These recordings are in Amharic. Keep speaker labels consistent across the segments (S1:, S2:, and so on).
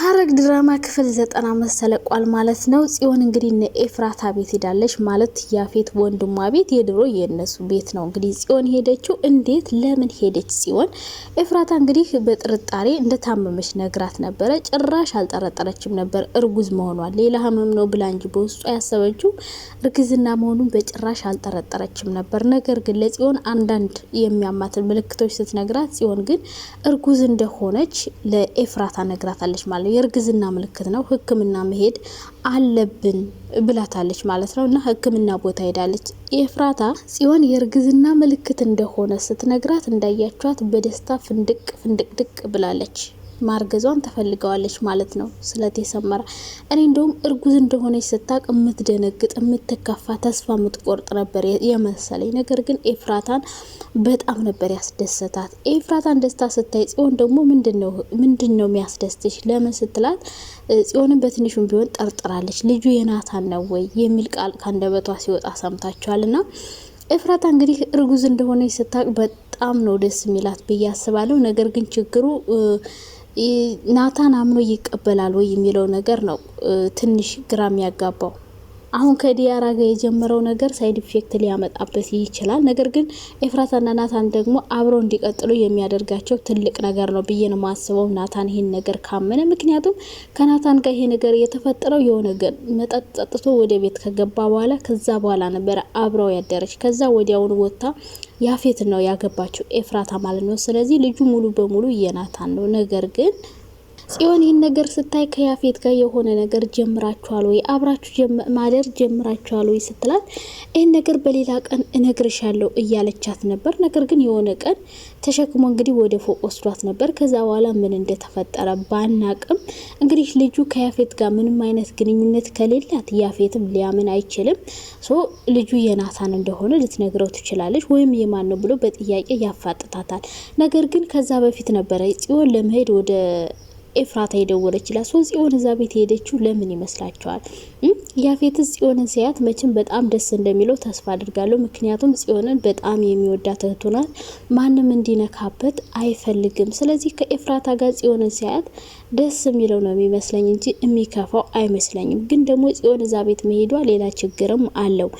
S1: ሐረግ ድራማ ክፍል ዘጠና አምስት ተለቋል ማለት ነው። ጽዮን እንግዲህ እነ ኤፍራታ ቤት ሄዳለች ማለት ያፌት ወንድሟ ቤት የድሮ የእነሱ ቤት ነው። እንግዲህ ጽዮን ሄደችው እንዴት ለምን ሄደች? ጽዮን ኤፍራታ እንግዲህ በጥርጣሬ እንደታመመች ነግራት ነበረ። ጭራሽ አልጠረጠረችም ነበር እርጉዝ መሆኗን ሌላ ህመም ነው ብላ እንጂ በውስጡ ያሰበችው እርግዝና መሆኑን በጭራሽ አልጠረጠረችም ነበር። ነገር ግን ለጽዮን አንዳንድ የሚያማትን ምልክቶች ስትነግራት፣ ጽዮን ግን እርጉዝ እንደሆነች ለኤፍራታ ነግራታለች ማለት ነው፣ የእርግዝና ምልክት ነው፣ ህክምና መሄድ አለብን ብላታለች ማለት ነው። እና ህክምና ቦታ ሄዳለች። ኤፍራታ ጽዮን የእርግዝና ምልክት እንደሆነ ስትነግራት እንዳያቸዋት በደስታ ፍንድቅ ፍንድቅድቅ ብላለች። ማርገዟን ተፈልገዋለች ማለት ነው። ስለት የሰመረ እኔ እንደውም እርጉዝ እንደሆነች ስታቅ የምትደነግጥ የምትከፋ፣ ተስፋ የምትቆርጥ ነበር የመሰለኝ። ነገር ግን ኤፍራታን በጣም ነበር ያስደሰታት። ኤፍራታን ደስታ ስታይ ጽዮን ደግሞ ምንድን ነው የሚያስደስትሽ ለምን ስትላት ጽዮንን በትንሹም ቢሆን ጠርጥራለች። ልጁ የናታን ነው ወይ የሚል ቃል ካንደበቷ ሲወጣ ሰምታችኋል። ና ኤፍራታ እንግዲህ እርጉዝ እንደሆነች ስታቅ በጣም ነው ደስ የሚላት ብዬ አስባለሁ። ነገር ግን ችግሩ ናታን አምኖ ይቀበላል ወይ የሚለው ነገር ነው ትንሽ ግራ የሚያጋባው። አሁን ከዲያራ ጋር የጀመረው ነገር ሳይድ ኢፌክት ሊያመጣበት ይችላል። ነገር ግን ኤፍራታና ናታን ደግሞ አብረው እንዲቀጥሉ የሚያደርጋቸው ትልቅ ነገር ነው ብዬ ነው ማስበው። ናታን ይሄን ነገር ካመነ፣ ምክንያቱም ከናታን ጋር ይሄ ነገር የተፈጠረው የሆነ መጠጥ ጠጥቶ ወደ ቤት ከገባ በኋላ ከዛ በኋላ ነበረ አብረው ያደረች። ከዛ ወዲያውኑ ወጥታ ያፌት ነው ያገባቸው ኤፍራታ ማለት ነው። ስለዚህ ልጁ ሙሉ በሙሉ የናታን ነው ነገር ግን ጽዮን ይህን ነገር ስታይ ከያፌት ጋር የሆነ ነገር ጀምራችኋል ወይ አብራችሁ ማደር ጀምራችኋል ወይ ስትላት ይህን ነገር በሌላ ቀን እነግርሻለሁ እያለቻት ነበር። ነገር ግን የሆነ ቀን ተሸክሞ እንግዲህ ወደ ፎቅ ወስዷት ነበር። ከዛ በኋላ ምን እንደተፈጠረ ባናቅም እንግዲህ ልጁ ከያፌት ጋር ምንም አይነት ግንኙነት ከሌላት ያፌትም ሊያምን አይችልም። ሶ ልጁ የናታን እንደሆነ ልትነግረው ትችላለች ወይም የማን ነው ብሎ በጥያቄ ያፋጥታታል። ነገር ግን ከዛ በፊት ነበረ ጽዮን ለመሄድ ወደ ኤፍራታ የደወለችላት ሶፂ የሆነ እዛ ቤት የሄደችው ለምን ይመስላችኋል? ያፌት ጽዮንን ሲያት መቼም በጣም ደስ እንደሚለው ተስፋ አድርጋለሁ። ምክንያቱም ጽዮንን በጣም የሚወዳት እህቱ ናት፣ ማንም እንዲነካበት አይፈልግም። ስለዚህ ከኤፍራታ ጋር ጽዮንን ሲያት ደስ የሚለው ነው የሚመስለኝ እንጂ የሚከፋው አይመስለኝም። ግን ደግሞ ጽዮን እዛ ቤት መሄዷ ሌላ ችግርም አለው።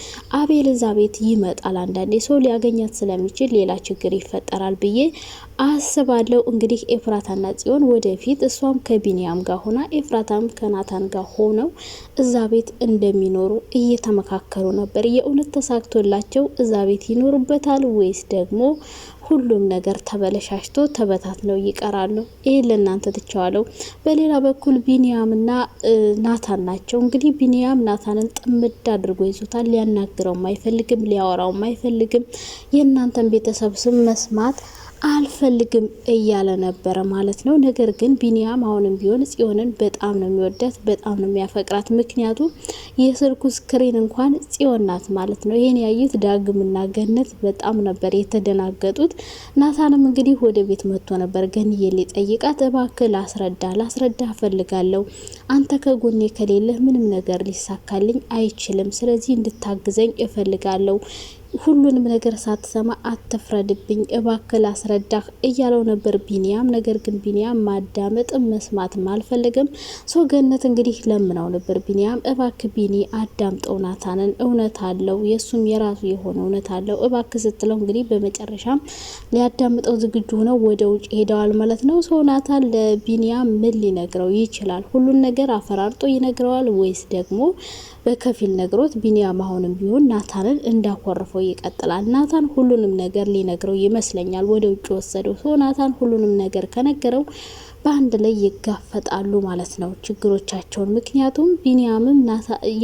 S1: አቤል እዛ ቤት ይመጣል፣ አንዳንዴ ሰው ሊያገኛት ስለሚችል ሌላ ችግር ይፈጠራል ብዬ አስባለሁ። እንግዲህ ኤፍራታና ጽዮን ወደፊት እሷም ከቢንያም ጋር ሆና ኤፍራታም ከናታን ጋር ሆነው እዛ ቤት እንደሚኖሩ እየተመካከሩ ነበር። የእውነት ተሳክቶላቸው እዛ ቤት ይኖሩበታል ወይስ ደግሞ ሁሉም ነገር ተበለሻሽቶ ተበታት ነው ይቀራሉ? ይህ ለእናንተ ትቸዋለሁ። በሌላ በኩል ቢንያምና ናታን ናቸው። እንግዲህ ቢንያም ናታንን ጥምድ አድርጎ ይዞታል። ሊያናግረውም አይፈልግም፣ ሊያወራውም አይፈልግም። የእናንተን ቤተሰብ ስም መስማት አልፈልግም እያለ ነበረ ማለት ነው። ነገር ግን ቢኒያም አሁንም ቢሆን ጽዮንን በጣም ነው የሚወዳት፣ በጣም ነው የሚያፈቅራት። ምክንያቱም የስልኩ ስክሪን እንኳን ጽዮን ናት ማለት ነው። ይህን ያዩት ዳግምና ገነት በጣም ነበር የተደናገጡት። ናታንም እንግዲህ ወደ ቤት መጥቶ ነበር። ገንዬ ሊጠይቃት እባክህ ላስረዳ ላስረዳ እፈልጋለሁ፣ አንተ ከጎኔ ከሌለህ ምንም ነገር ሊሳካልኝ አይችልም። ስለዚህ እንድታግዘኝ እፈልጋለሁ ሁሉንም ነገር ሳትሰማ አትፍረድብኝ እባክል አስረዳህ እያለው ነበር ቢኒያም። ነገር ግን ቢኒያም ማዳመጥም መስማትም አልፈለገም። ሰው ገነት እንግዲህ ለምናው ነበር ቢኒያም፣ እባክ ቢኒ አዳምጠው፣ ናታንን እውነት አለው የእሱም የራሱ የሆነ እውነት አለው እባክ ስትለው እንግዲህ በመጨረሻም ሊያዳምጠው ዝግጁ ሆነው ወደ ውጭ ሄደዋል ማለት ነው። ሶ ናታን ለቢኒያም ምን ሊነግረው ይችላል? ሁሉን ነገር አፈራርጦ ይነግረዋል ወይስ ደግሞ በከፊል ነግሮት ቢኒያም አሁንም ቢሆን ናታንን እንዳኮርፈው ይቀጥላል። ናታን ሁሉንም ነገር ሊነግረው ይመስለኛል ወደ ውጭ ወሰደው። ሰው ናታን ሁሉንም ነገር ከነገረው በአንድ ላይ ይጋፈጣሉ ማለት ነው ችግሮቻቸውን። ምክንያቱም ቢኒያምም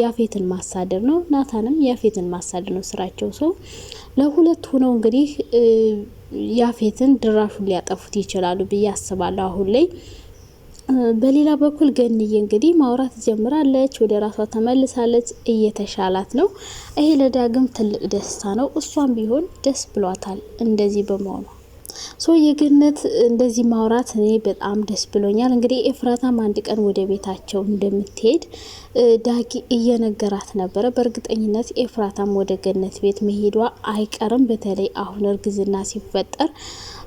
S1: ያፌትን ማሳደር ነው፣ ናታንም ያፌትን ማሳደር ነው ስራቸው። ሰው ለሁለት ሆነው እንግዲህ ያፌትን ድራሹን ሊያጠፉት ይችላሉ ብዬ አስባለሁ አሁን ላይ በሌላ በኩል ገንዬ እንግዲህ ማውራት ጀምራለች። ወደ ራሷ ተመልሳለች። እየተሻላት ነው። ይሄ ለዳግም ትልቅ ደስታ ነው። እሷም ቢሆን ደስ ብሏታል እንደዚህ በመሆኑ ሶ የገነት እንደዚህ ማውራት እኔ በጣም ደስ ብሎኛል። እንግዲህ ኤፍራታም አንድ ቀን ወደ ቤታቸው እንደምትሄድ ዳጊ እየነገራት ነበረ። በእርግጠኝነት ኤፍራታም ወደ ገነት ቤት መሄዷ አይቀርም። በተለይ አሁን እርግዝና ሲፈጠር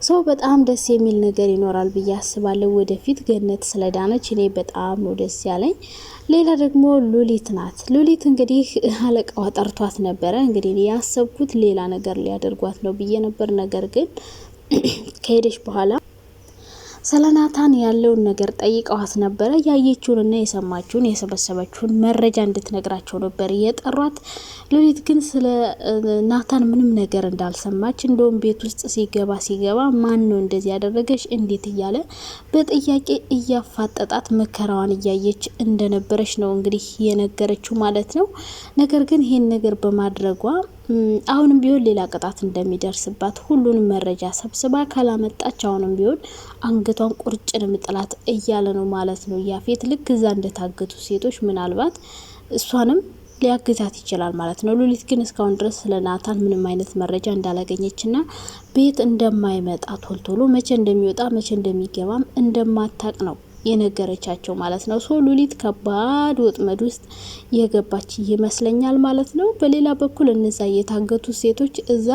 S1: ሰው በጣም ደስ የሚል ነገር ይኖራል ብዬ አስባለሁ ወደፊት ገነት ስለዳነች እኔ በጣም ነው ደስ ያለኝ። ሌላ ደግሞ ሉሊት ናት። ሉሊት እንግዲህ አለቃዋ ጠርቷት ነበረ። እንግዲህ ያሰብኩት ሌላ ነገር ሊያደርጓት ነው ብዬ ነበር ነገር ግን ከሄደች በኋላ ስለ ናታን ያለውን ነገር ጠይቀዋት ነበረ። ያየችውንና የሰማችውን የሰበሰበችውን መረጃ እንድትነግራቸው ነበር እየጠሯት። ሉሊት ግን ስለ ናታን ምንም ነገር እንዳልሰማች እንደውም ቤት ውስጥ ሲገባ ሲገባ ማን ነው እንደዚህ ያደረገች እንዴት እያለ በጥያቄ እያፋጠጣት መከራዋን እያየች እንደነበረች ነው እንግዲህ የነገረችው ማለት ነው። ነገር ግን ይሄን ነገር በማድረጓ አሁንም ቢሆን ሌላ ቅጣት እንደሚደርስባት ሁሉንም መረጃ ሰብስባ ካላመጣች አሁንም ቢሆን አንገቷን ቁርጭንም ጥላት እያለ ነው ማለት ነው ያፌት። ልክ እዛ እንደታገቱ ሴቶች ምናልባት እሷንም ሊያግዛት ይችላል ማለት ነው። ሉሊት ግን እስካሁን ድረስ ስለ ናታን ምንም አይነት መረጃ እንዳላገኘችና ቤት እንደማይመጣ ቶልቶሎ መቼ እንደሚወጣ መቼ እንደሚገባም እንደማታቅ ነው የነገረቻቸው ማለት ነው። ሶ ሉሊት ከባድ ወጥመድ ውስጥ የገባች ይመስለኛል ማለት ነው። በሌላ በኩል እነዛ የታገቱ ሴቶች እዛ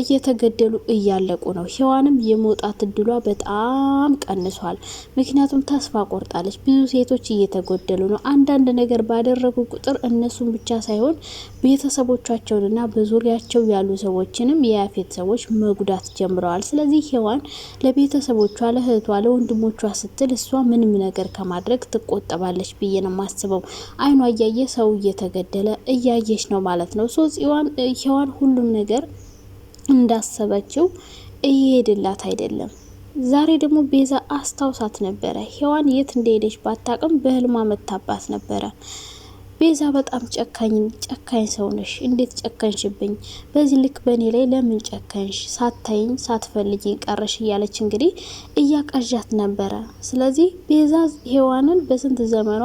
S1: እየተገደሉ እያለቁ ነው። ሔዋንም የመውጣት እድሏ በጣም ቀንሷል። ምክንያቱም ተስፋ ቆርጣለች። ብዙ ሴቶች እየተጎደሉ ነው። አንዳንድ ነገር ባደረጉ ቁጥር እነሱን ብቻ ሳይሆን ቤተሰቦቻቸውንና በዙሪያቸው ያሉ ሰዎችንም የያፌት ሰዎች መጉዳት ጀምረዋል። ስለዚህ ሔዋን ለቤተሰቦቿ፣ ለእህቷ፣ ለወንድሞቿ ስትል እሷ ምን ምንም ነገር ከማድረግ ትቆጠባለች ብዬ ነው የማስበው። አይኗ እያየ ሰው እየተገደለ እያየች ነው ማለት ነው። ሶ ሔዋን ሁሉም ነገር እንዳሰበችው እየሄድላት አይደለም። ዛሬ ደግሞ ቤዛ አስታውሳት ነበረ። ሔዋን የት እንደሄደች ባታቅም በህልማ መታባት ነበረ። ቤዛ በጣም ጨካኝ ጨካኝ ሰው ነሽ። እንዴት ጨከንሽብኝ? በዚህ ልክ በእኔ ላይ ለምን ጨከንሽ? ሳታይኝ ሳትፈልጊኝ ቀረሽ እያለች እንግዲህ እያቀዣት ነበረ። ስለዚህ ቤዛ ሔዋንን በስንት ዘመኗ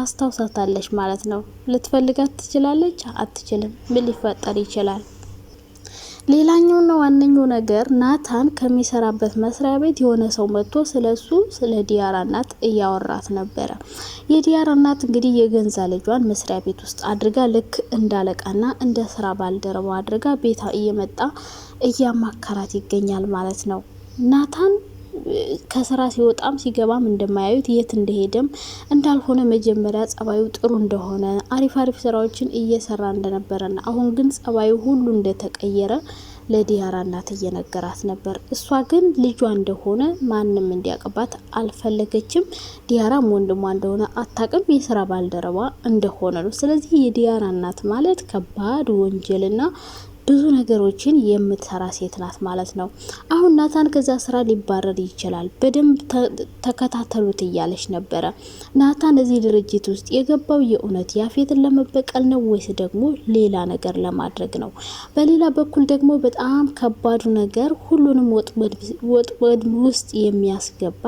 S1: አስታውሳታለች ማለት ነው። ልትፈልጋት ትችላለች? አትችልም። ምን ሊፈጠር ይችላል? ሌላኛውና ዋነኛው ነገር ናታን ከሚሰራበት መስሪያ ቤት የሆነ ሰው መጥቶ ስለ እሱ ስለ ዲያራ እናት እያወራት ነበረ። የዲያራ እናት እንግዲህ የገንዛ ልጇን መስሪያ ቤት ውስጥ አድርጋ ልክ እንዳለቃና እንደ ስራ ባልደረባ አድርጋ ቤታ እየመጣ እያማከራት ይገኛል ማለት ነው ናታን ከስራ ሲወጣም ሲገባም እንደማያዩት የት እንደሄደም እንዳልሆነ መጀመሪያ ጸባዩ ጥሩ እንደሆነ አሪፍ አሪፍ ስራዎችን እየሰራ እንደነበረና አሁን ግን ጸባዩ ሁሉ እንደተቀየረ ለዲያራ እናት እየነገራት ነበር። እሷ ግን ልጇ እንደሆነ ማንም እንዲያቅባት አልፈለገችም። ዲያራም ወንድሟ እንደሆነ አታቅም፣ የስራ ባልደረባ እንደሆነ ነው። ስለዚህ የዲያራ እናት ማለት ከባድ ወንጀልና ብዙ ነገሮችን የምትሰራ ሴት ናት ማለት ነው። አሁን ናታን ከዛ ስራ ሊባረር ይችላል፣ በደንብ ተከታተሉት እያለች ነበረ። ናታን እዚህ ድርጅት ውስጥ የገባው የእውነት ያፌትን ለመበቀል ነው ወይስ ደግሞ ሌላ ነገር ለማድረግ ነው? በሌላ በኩል ደግሞ በጣም ከባዱ ነገር ሁሉንም ወጥመድ ውስጥ የሚያስገባ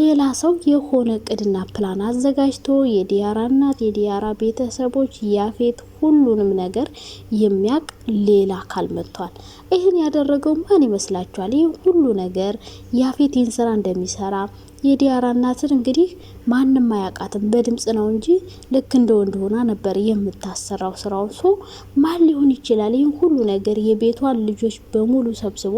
S1: ሌላ ሰው የሆነ ቅድና ፕላን አዘጋጅቶ የዲያራ እናት፣ የዲያራ ቤተሰቦች፣ ያፌት ሁሉንም ነገር የሚያቅ ሌላ አካል መጥቷል። ይህን ያደረገው ማን ይመስላችኋል? ይህ ሁሉ ነገር ያፌቴን ስራ እንደሚሰራ የዲያራ እናትን እንግዲህ ማንም አያውቃትም በድምጽ ነው እንጂ ልክ እንደ ወንድ ሆና ነበር የምታሰራው ስራውን። ሶ ማን ሊሆን ይችላል? ይህን ሁሉ ነገር የቤቷን ልጆች በሙሉ ሰብስቦ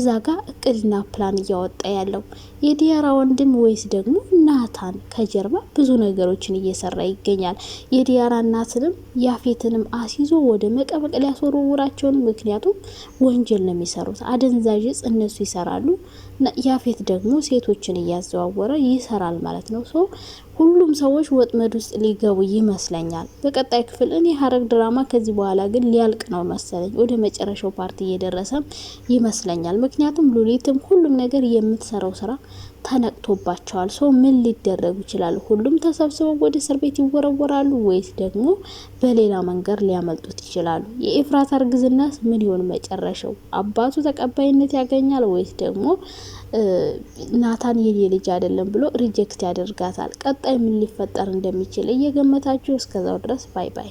S1: እዛ ጋር እቅድና ፕላን እያወጣ ያለው የዲያራ ወንድም ወይስ ደግሞ ናታን ከጀርባ ብዙ ነገሮችን እየሰራ ይገኛል። የዲያራ እናትንም ያፌትንም አስይዞ ወደ መቀበቅ ሊያስወሩ ዝውውራቸውን። ምክንያቱም ወንጀል ነው የሚሰሩት፣ አደንዛዥ እጽ እነሱ ይሰራሉ። ያፌት ደግሞ ሴቶችን እያዘዋወረ ይሰራል ማለት ነው። ሶ ሁሉም ሰዎች ወጥመድ ውስጥ ሊገቡ ይመስለኛል በቀጣይ ክፍል። እኔ ሀረግ ድራማ ከዚህ በኋላ ግን ሊያልቅ ነው መሰለኝ፣ ወደ መጨረሻው ፓርቲ እየደረሰ ይመስለኛል። ምክንያቱም ሉሊትም ሁሉም ነገር የምትሰራው ስራ ተነቅቶባቸዋል። ሰው ምን ሊደረጉ ይችላል? ሁሉም ተሰብስበው ወደ እስር ቤት ይወረወራሉ ወይስ ደግሞ በሌላ መንገድ ሊያመልጡት ይችላሉ? የኤፍራት እርግዝናስ ምን ይሆን መጨረሻው? አባቱ ተቀባይነት ያገኛል ወይስ ደግሞ ናታን የኔ ልጅ አይደለም ብሎ ሪጀክት ያደርጋታል? ቀጣይ ምን ሊፈጠር እንደሚችል እየገመታችሁ እስከዛው ድረስ ባይ ባይ።